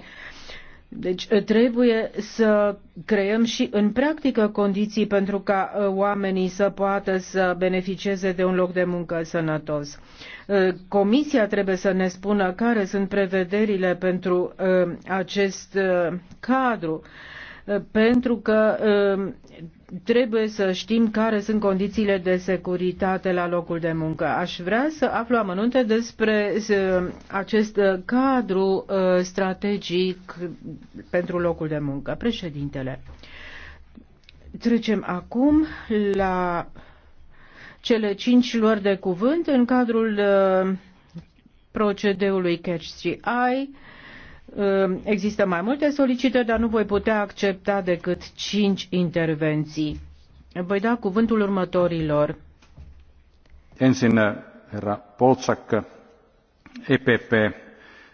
D: Deci ă, trebuie să creăm și în practică condiții pentru ca ă, oamenii să poată să beneficieze de un loc de muncă sănătos. Ă, comisia trebuie să ne spună care sunt prevederile pentru acest cadru, pentru că trebuie să știm care sunt condițiile de securitate la locul de muncă. Aș vrea să aflu amănunte despre uh, acest uh, cadru uh, strategic pentru locul de muncă. Președintele, trecem acum la cele cinci luări de cuvânt în cadrul procedeului Catch ci Ehm, există mai multe solicitări, dar nu voi putea accepta decât cinci intervenții. Voi da cuvântul următorilor.
B: Ensin eh, herra Polczak, EPP,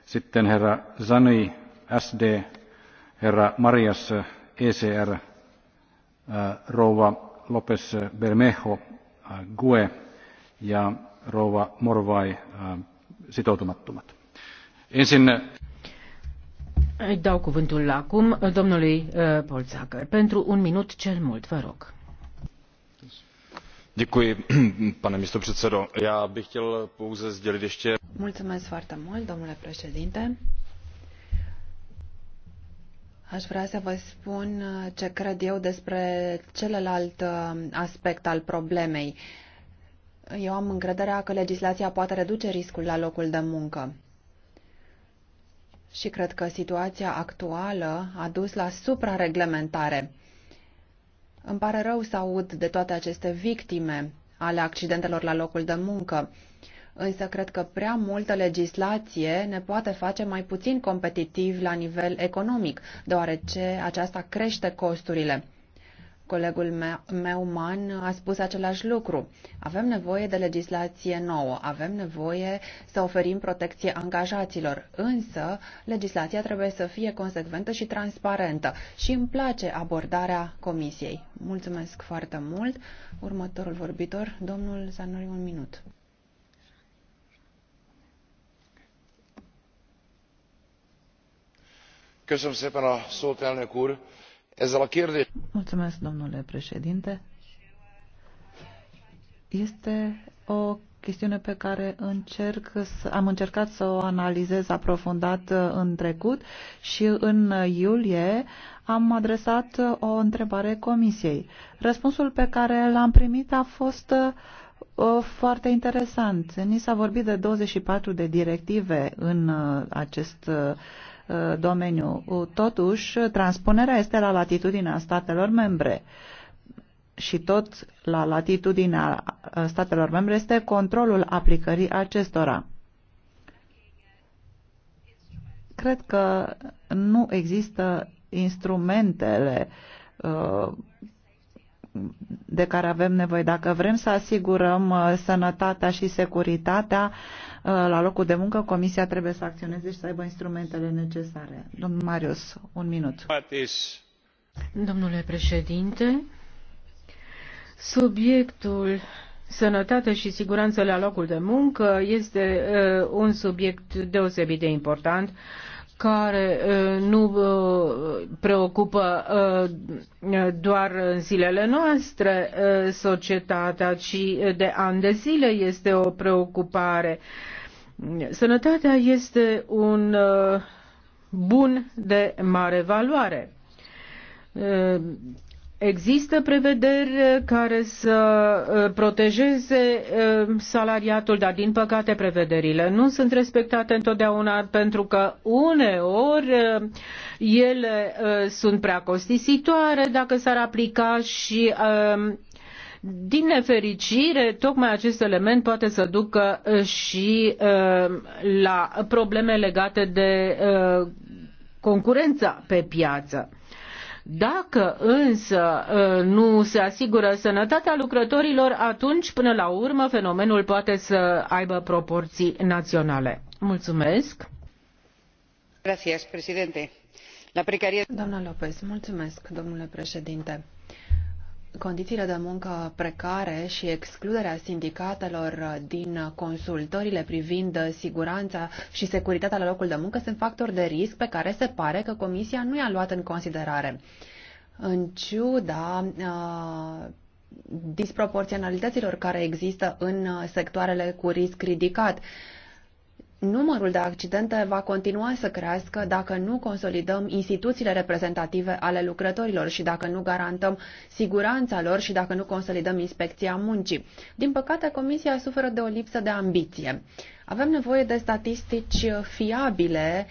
B: sitten herra Zanui, SD, herra Marias, ECR, eh, rouva Lopes Bermejo, eh, GUE ja rouva Morvai sitoutumattomat. Ensin
D: îi dau cuvântul acum domnului uh, Polțacăr. Pentru un minut cel mult, vă rog.
B: Děkuji, pane místopředsedo. Já bych chtěl pouze sdělit ještě...
D: Mulțumesc
F: foarte mult, domnule președinte. Aș vrea să vă spun uh, ce cred eu despre celălalt uh, aspect al problemei. Eu am încrederea că legislația poate reduce riscul la locul de muncă și cred că situația actuală a dus la suprareglementare. Îmi pare rău să aud de toate aceste victime ale accidentelor la locul de muncă, însă cred că prea multă legislație ne poate face mai puțin competitiv la nivel economic, deoarece aceasta crește costurile. Colegul meu, Man, a spus același lucru. Avem nevoie de legislație nouă, avem nevoie să oferim protecție angajaților, însă legislația trebuie să fie consecventă și transparentă și îmi place abordarea comisiei. Mulțumesc foarte mult. Următorul vorbitor, domnul Zanori, un minut.
B: elnök úr! ezzel a
E: Mulțumesc, domnule președinte. Este o chestiune pe care încerc, am încercat să o analizez aprofundat uh, în trecut și în iulie am adresat uh, o întrebare comisiei. Răspunsul pe care l-am primit a fost uh, foarte interesant. Ni s-a vorbit de 24 de directive în acest Uh, domeniu. Totuși, transpunerea este la latitudinea statelor membre și tot la latitudinea uh, statelor membre este controlul aplicării acestora. Cred că nu există instrumentele uh, de care avem nevoie. Dacă vrem să asigurăm uh, sănătatea și securitatea uh, la locul de muncă, Comisia trebuie să acționeze și să aibă instrumentele necesare. Domnul Marius, un minut.
D: Domnule președinte, subiectul Sănătate și siguranță la locul de muncă este uh, un subiect deosebit de important care nu preocupă doar în zilele noastre societatea, ci de ani de zile este o preocupare. Sănătatea este un bun de mare valoare Există prevederi eh, care să eh, protejeze eh, salariatul, dar din păcate prevederile nu sunt respectate întotdeauna pentru că uneori ele sunt prea costisitoare dacă s-ar aplica și din nefericire, tocmai acest element poate să ducă și la probleme legate de concurența pe piață. Dacă însă ă, nu se asigură sănătatea lucrătorilor, atunci, până la urmă, fenomenul poate să aibă proporții naționale. Mulțumesc! Gracias, presidente. La precarie...
F: Doamna Lopez, mulțumesc, domnule președinte Condițiile de muncă precare și excluderea sindicatelor din consultările privind siguranța și securitatea la locul de muncă sunt factori de risc pe care se pare că Comisia nu i-a luat în considerare. În ciuda uh, disproporționalităților care există în sectoarele cu risc ridicat, uh, numărul de accidente va continua să crească dacă nu consolidăm instituțiile reprezentative ale lucrătorilor și dacă nu garantăm siguranța lor și dacă nu consolidăm inspecția muncii. Din păcate, Comisia suferă de o lipsă de ambiție. Avem nevoie de statistici fiabile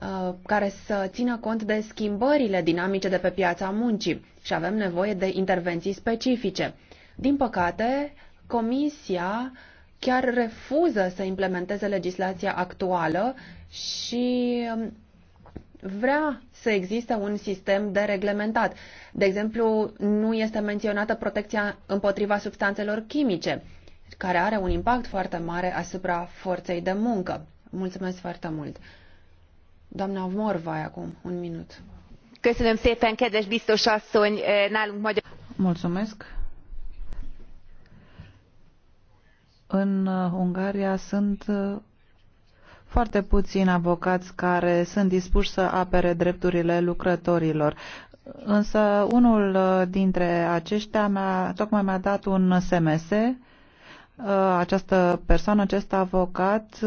F: uh, care să țină cont de schimbările dinamice de pe piața muncii și avem nevoie de intervenții specifice. Din păcate, Comisia chiar refuză să implementeze legislația actuală și um, vrea să existe un sistem de reglementat. De exemplu, nu este menționată protecția împotriva substanțelor chimice, care are un impact foarte mare asupra forței de muncă. Mulțumesc foarte mult. Doamna Morvai, acum, un minut. Köszönöm biztos asszony, eh, nálunk magyar...
E: Mulțumesc, În uh, Ungaria sunt uh, foarte puțini avocați care sunt dispuși să apere drepturile lucrătorilor. Însă unul uh, dintre aceștia mi-a, tocmai mi-a dat un SMS. Această persoană, acest avocat,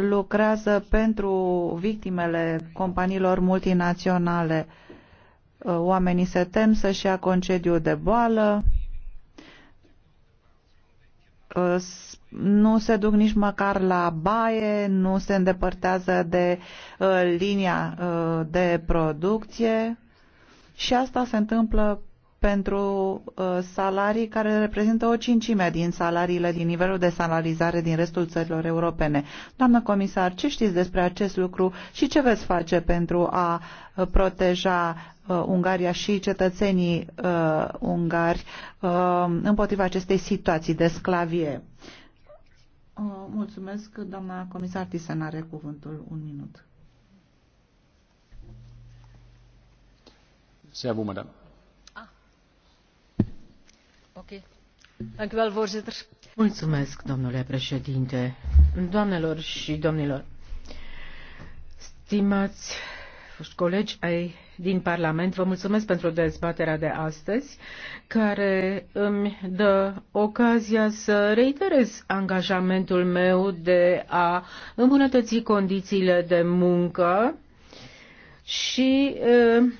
E: lucrează pentru victimele companiilor multinaționale. Oamenii se tem să-și ia concediu de boală, nu se duc nici măcar la baie, nu se îndepărtează de uh, linia uh, de producție și asta se întâmplă pentru uh, salarii care reprezintă o cincime din salariile, din nivelul de salarizare din restul țărilor europene. Doamnă comisar, ce știți despre acest lucru și ce veți face pentru a uh, proteja uh, Ungaria și cetățenii ungari împotriva acestei situații de sclavie? Mulțumesc, doamna comisar Tisen are cuvântul un minut.
F: Se à madame.
D: Mulțumesc, domnule președinte, doamnelor și domnilor, stimați colegi ai din Parlament, vă mulțumesc pentru dezbaterea de astăzi, care îmi dă ocazia să reiterez angajamentul meu de a îmbunătăți condițiile de muncă și uh,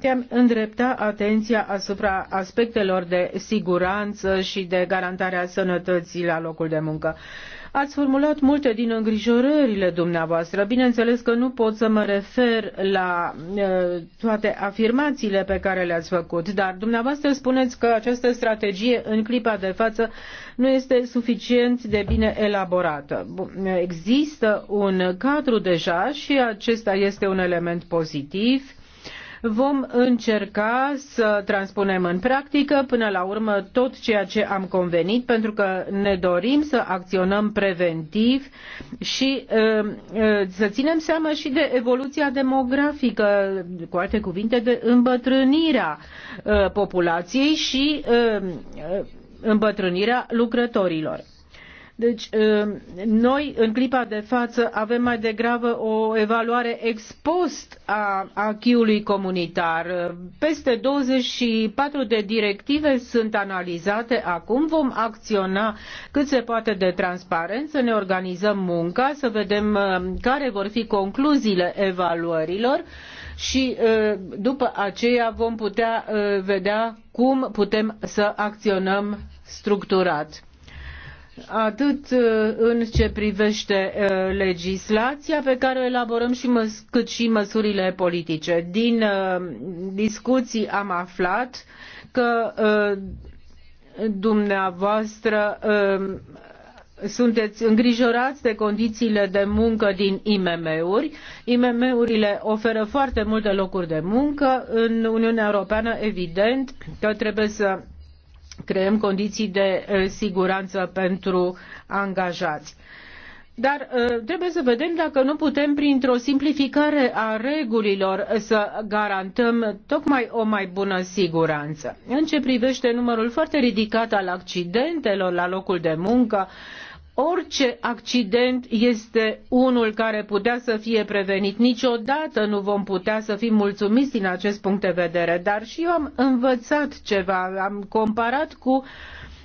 D: te-am îndrepta atenția asupra aspectelor de siguranță și de garantarea sănătății la locul de muncă. Ați formulat multe din îngrijorările dumneavoastră. Bineînțeles că nu pot să mă refer la toate afirmațiile pe care le-ați făcut, dar dumneavoastră spuneți că această strategie în clipa de față nu este suficient de bine elaborată. Există un cadru deja și acesta este un element pozitiv Vom încerca să transpunem în practică până la urmă tot ceea ce am convenit, pentru că ne dorim să acționăm preventiv și ă, ă, să ținem seama și de evoluția demografică, cu alte cuvinte, de îmbătrânirea ă, populației și îmbătrânirea lucrătorilor. Deci, um, noi, în clipa de față, avem mai degrabă o evaluare ex post a achiului comunitar. Peste 24 de directive sunt analizate acum. Vom acționa cât se poate de transparent, să ne organizăm munca, să vedem um, care vor fi concluziile evaluărilor și uh, după aceea vom putea uh, vedea cum putem să acționăm structurat atât uh, în ce privește uh, legislația pe care o elaborăm și măs- cât și măsurile politice. Din uh, discuții am aflat că dumneavoastră um, sunteți îngrijorați de condițiile de muncă din IMM-uri. IMM-urile oferă foarte multe locuri de muncă în Uniunea Europeană, evident că trebuie să creăm condiții de eh, siguranță pentru angajați. Dar eh, trebuie să vedem dacă nu putem, printr-o simplificare a regulilor, să garantăm tocmai o mai bună siguranță. În ce privește numărul foarte ridicat al accidentelor la locul de muncă, orice accident este unul care putea să fie prevenit. Niciodată nu vom putea să fim mulțumiți din acest punct de vedere, dar și eu am învățat ceva, am comparat cu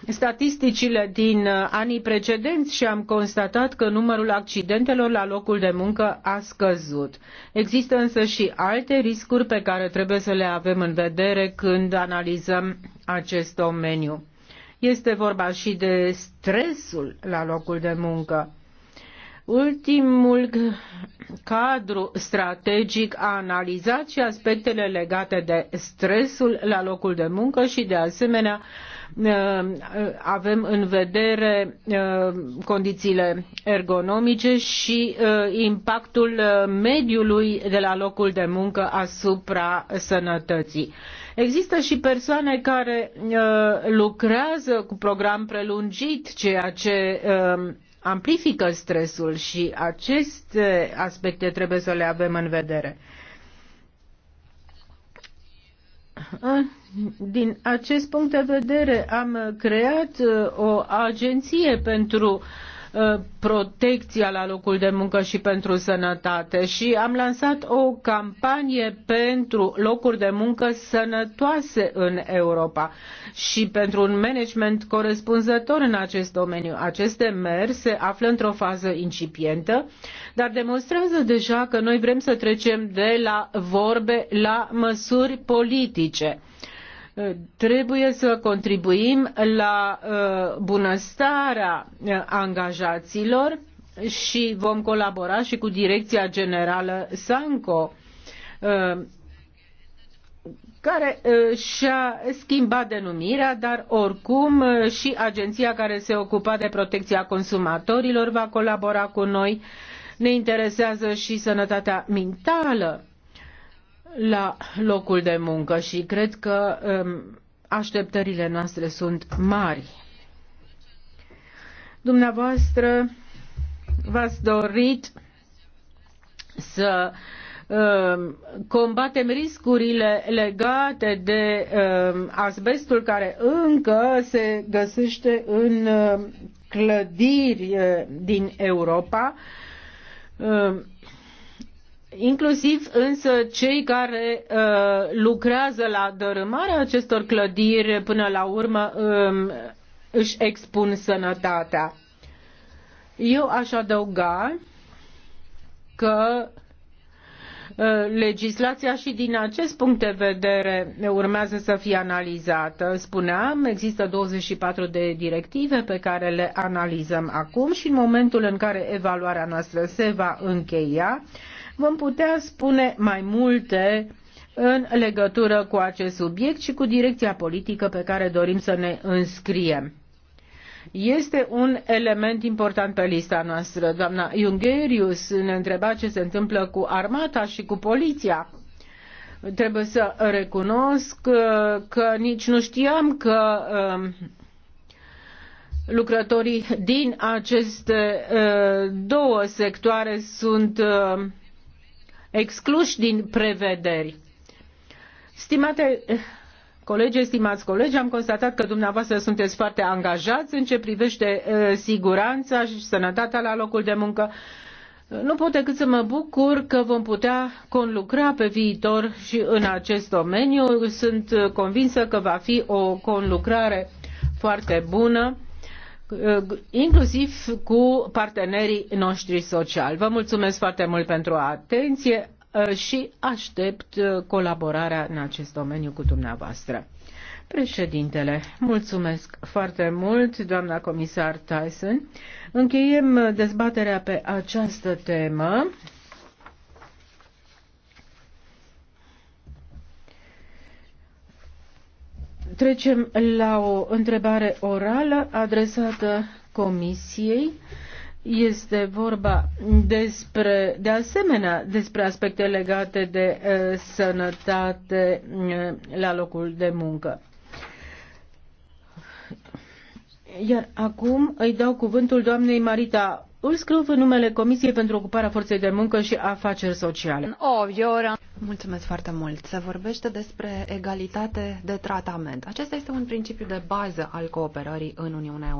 D: statisticile din uh, anii precedenți și am constatat că numărul accidentelor la locul de muncă a scăzut. Există însă și alte riscuri pe care trebuie să le avem în vedere când analizăm acest domeniu este vorba și de stresul la locul de muncă. Ultimul cadru strategic a analizat și aspectele legate de stresul la locul de muncă și de asemenea uh, avem în vedere uh, condițiile ergonomice și uh, impactul mediului de la locul de muncă asupra sănătății. Există și persoane care uh, lucrează cu program prelungit, ceea ce um, amplifică stresul și aceste aspecte trebuie să le avem în vedere. Din acest punct de vedere am creat uh, o agenție pentru uh, Uh, protecția la locul de muncă și pentru sănătate și am lansat o campanie pentru locuri de muncă sănătoase în Europa și pentru un management corespunzător în acest domeniu. Acest mers se află într-o fază incipientă, dar demonstrează deja că noi vrem să trecem de la vorbe la măsuri politice. Trebuie să contribuim la uh, bunăstarea uh, angajaților și vom colabora și cu Direcția Generală Sanco uh, care și-a schimbat denumirea, dar oricum și agenția care se ocupa de protecția consumatorilor va colabora cu noi. Ne interesează și sănătatea mentală la locul de muncă și cred că um, așteptările noastre sunt mari. Dumneavoastră v-ați dorit să um, combatem riscurile legate de um, asbestul care încă se găsește în clădiri uh, din Europa inclusiv însă cei care uh, lucrează la dărâmarea acestor clădiri până la urmă um, își expun sănătatea. Eu aș adăuga că uh, legislația și din acest punct de vedere urmează să fie analizată. Spuneam, există 24 de directive pe care le analizăm acum și în momentul în care evaluarea noastră se va încheia, vom putea spune mai multe în legătură cu acest subiect și cu direcția politică pe care dorim să ne înscriem. Este un element important pe lista noastră. Doamna Jungerius ne întreba ce se întâmplă cu armata și cu poliția. Trebuie să recunosc că, uh, că nici nu știam că um, lucrătorii din aceste uh, două sectoare sunt uh, excluși din prevederi. Stimate eh, colegi, stimați colegi, am constatat că dumneavoastră sunteți foarte angajați în ce privește eh, siguranța și sănătatea la locul de muncă. Nu pot decât să mă bucur că vom putea conlucra pe viitor și în acest domeniu. Sunt eh, convinsă că va fi o conlucrare foarte bună Uh, inclusiv cu partenerii noștri sociali. Vă mulțumesc foarte mult pentru atenție uh, și aștept uh, colaborarea în acest domeniu cu dumneavoastră. Președintele, mulțumesc foarte mult, doamna comisar Tyson. Încheiem dezbaterea pe această temă. Trecem la o întrebare orală adresată Comisiei. Este vorba despre, de asemenea, despre aspecte legate de uh, sănătate uh, la locul de muncă. Iar acum îi dau cuvântul doamnei Marita îl scriu în numele Comisiei pentru Ocuparea Forței de Muncă și Afaceri Sociale.
F: O, Iora.
D: Mulțumesc foarte
F: mult. Se vorbește despre egalitate de tratament. Acesta este un principiu de bază al cooperării în Uniunea Europeană.